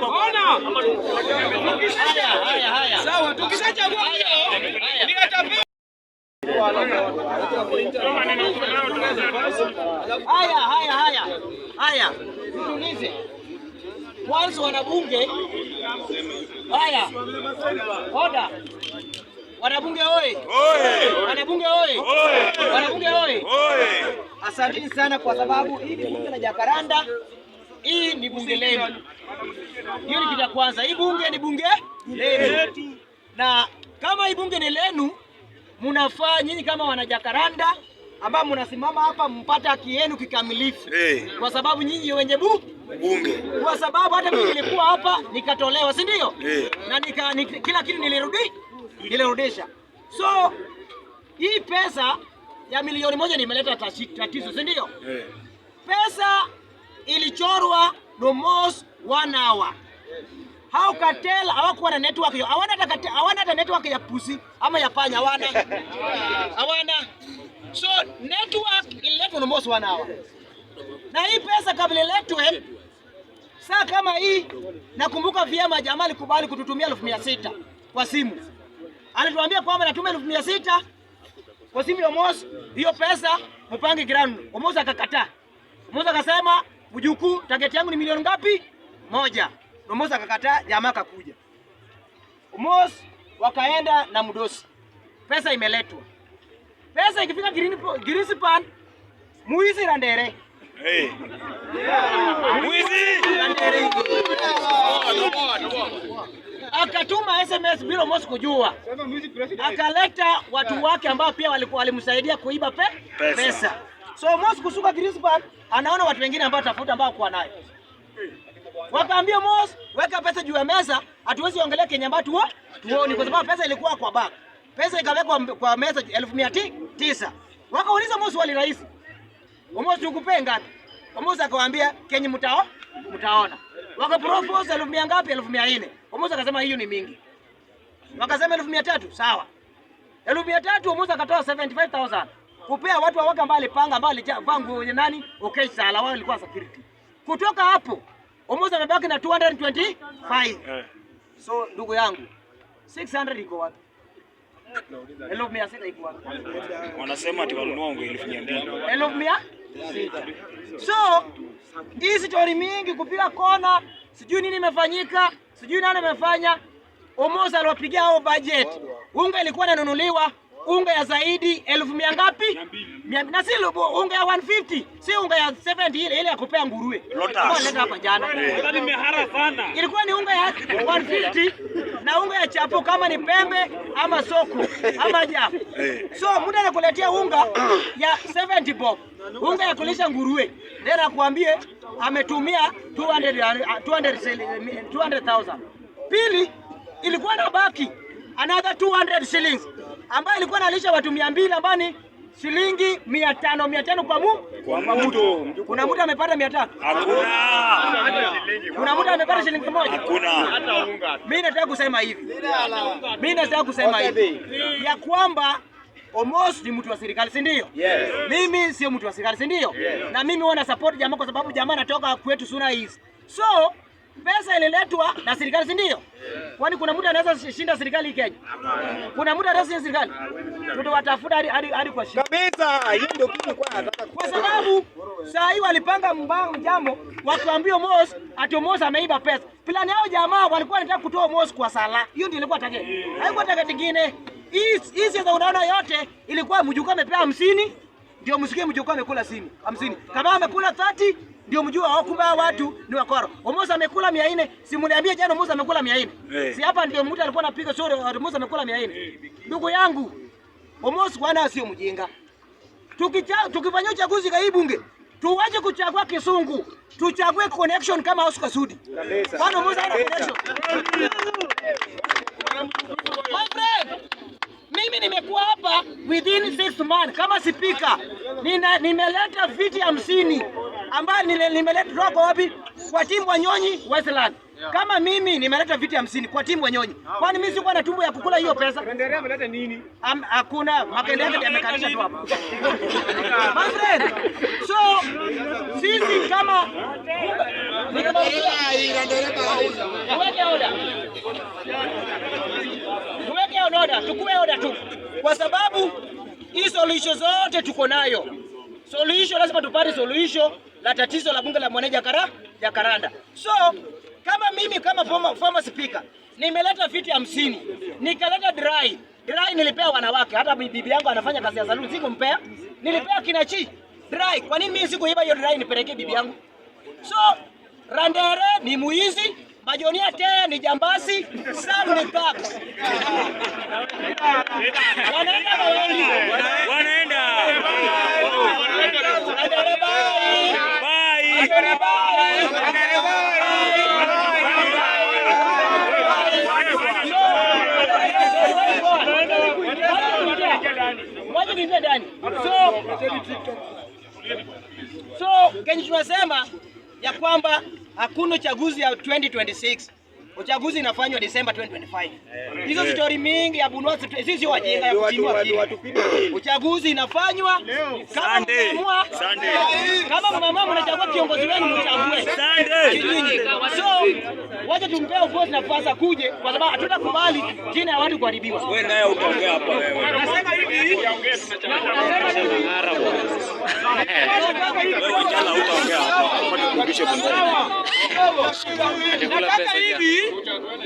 hapo. Sawa, tukishachagua haya haya haya haya, tulize mwanzo wanabunge. Haya, oda wanabunge oye! Wanabunge oye! Wanabunge oye! Asanteni sana kwa sababu hii ni bunge la Jacaranda, hii ni bunge lenu. Hiyo ni kitu ya kwanza. Hii bunge ni bunge letu, na kama hii bunge ni lenu, mnafaa nyinyi kama wanajakaranda ambao mnasimama hapa mpate haki yenu kikamilifu, kwa sababu nyinyi wenye bu bunge, kwa sababu hata mimi nilikuwa hapa nikatolewa, si ndio? na nika, nika, kila kitu nilirudi nilirudisha. So hii pesa ya milioni moja nimeleta tatizo, si ndio? Pesa ilichorwa the most one hour. Haukatel hawakuwa na network hiyo, hawana hata network ya pusi ama ya panya, hawana hawana. So network ililetwa the most one hour, na hii pesa kabla iletwe saa kama hii, nakumbuka vyema, jamaa alikubali kututumia elfu mia sita kwa simu. Alituambia kwamba natuma elfu mia sita kwa simu ya Omos, hiyo pesa mpange ground. Omos akakataa. Omos akasema Mjukuu, tageti yangu ni milioni ngapi? Moja. Mdomosi akakataa, jamaa akakuja. Mos wakaenda na mdosi. Pesa imeletwa. Pesa ikifika Girizipan, muizi na ndere. Muizi na ndere. Akatuma SMS bila Mos kujua. Akaleta watu wake ambao pia walikuwa walimsaidia kuiba pe pesa. pesa. So Moses kusuka Greens Park anaona watu wengine ambao tafuta ambao kwa naye. Wakaambia Moses, weka pesa juu ya meza, hatuwezi ongelea Kenya ambao tuo tuoni kwa sababu pesa ilikuwa kwa bank. Pesa ikawekwa kwa meza 1900. Wakauliza Moses wali rais. Moses tukupee ngapi? Moses akawaambia Kenya mtao mtaona. Waka propose elfu mia ngapi? Elfu mia nne. Mose akasema hiyo ni mingi. Wakasema elfu mia tatu, sawa. Elfu mia tatu Mose akatoa 75000 kupea watu wa waka ambao alipanga ambao alijavaa nguo yenye nani okay, sala wao ilikuwa security. Kutoka hapo Omoza amebaki na 225. Eh. So ndugu yangu 600 iko wapi? Elfu mia sita iko wapi? Wanasema ati walinunua nguo elfu mia mbili. Elfu mia sita. So hii story mingi kupiga kona, sijui nini imefanyika, sijui nani amefanya. Omoza aliwapigia hao budget. Unga ilikuwa inanunuliwa unga ya zaidi elfu mia ngapi? Na si unga ya 150, si unga ya 70 ile ile ya kupea nguruwe. Leta hapa jana. Ilikuwa ni unga ya 150 na unga ya chapo kama ni pembe ama soko ama ja eh. So muda anakuletea unga ya 70 bob. Unga ya kulisha nguruwe. Then akuambie ametumia 200 200 200,000. Pili ilikuwa na baki another 200 shillings ambayo ilikuwa nalisha watu 200 ambao ni shilingi 500 500 kwa mu kwa mtu. Kuna mtu amepata 300? Hakuna. Kuna mtu amepata shilingi moja? Hakuna. Hata unga. Mimi nataka kusema hivi. Mimi nataka kusema hivi ya kwamba Omos ni mtu wa serikali si ndio? Yes. Mimi sio mtu wa serikali si ndio? Yes. Na mimi huwa na support jamaa kwa sababu jamaa anatoka kwetu Suna East. So Pesa ililetwa na serikali, si ndio? Kwani kuna muda anaweza shinda serikali Kenya? Kuna muda anaweza shinda serikali? Tutawatafuta hadi hadi hadi kwa shida. Kabisa, hiyo ndio kitu kwa nataka. Kwa sababu saa hii walipanga mbao jambo, watuambie Mos ati Mos ameiba pesa. Plani yao jamaa walikuwa wanataka kutoa Mos kwa sala. Hiyo ndio ilikuwa take. Haikuwa take nyingine. Hii sasa unaona yote ilikuwa mjukuu amepewa 50 ndio msikie mjukuu amekula 50. 50. Kama amekula 30 ndio mjua wao, kumbe watu ni wakoro. Omoza amekula 400, si mniambie jana Omoza amekula 400. Hey. Eh. Si hapa ndio mtu alikuwa anapiga sore Omoza amekula 400. Eh, Ndugu hey, yangu kwa nani sio mjinga. Tukicha tukifanya uchaguzi kwa hii bunge, tuwaje kuchagua kisungu, tuchague connection kama Oscar Sudi. Bwana Omoza ana connection. My friend, mimi nimekuwa hapa within 6 months kama sipika. Nina nimeleta viti 50 ambayo nimeleta toka wapi? Kwa timu Wanyonyi Westland. Kama mimi nimeleta viti hamsini kwa timu Wanyonyi. Kwani mimi sikuwa na tumbo ya kukula hiyo pesa? Endelea, mlete nini? Hakuna makenderea yamekalisha tu hapa. My friend. So sisi kama Tuweke oda, tukue oda tu. Kwa sababu hii solution zote tuko nayo. Solution lazima tupate solution la tatizo la bunge la Mwaneja kara ya Karanda. So kama mimi kama former, former speaker nimeleta viti hamsini nikaleta dry dry, nilipea wanawake, hata bibi yangu anafanya kazi ya saluni, mpea, nilipea kinachi dry. Kwa nini mimi sikuiba hiyo dry nipereke bibi yangu? So Randere ni muizi, Majonia tena ni jambasi, Sam ni kaka. Wanaenda wanaenda. So kenye tunasema ya kwamba hakuna uchaguzi ya 2026 Eh. Eh. Eh, uchaguzi inafanywa Desemba 2025. Hizo Stori mingi ya bunua sisi wajinga ya kutimua uchaguzi inafanywa kama mnaamua kama mnachagua kiongozi wenu mchague. So wacha tumpee uongozi nafasi akuje, kwa sababu hatutakubali jina ya watu kuharibiwa. Wewe naye utaongea hapa wewe hivi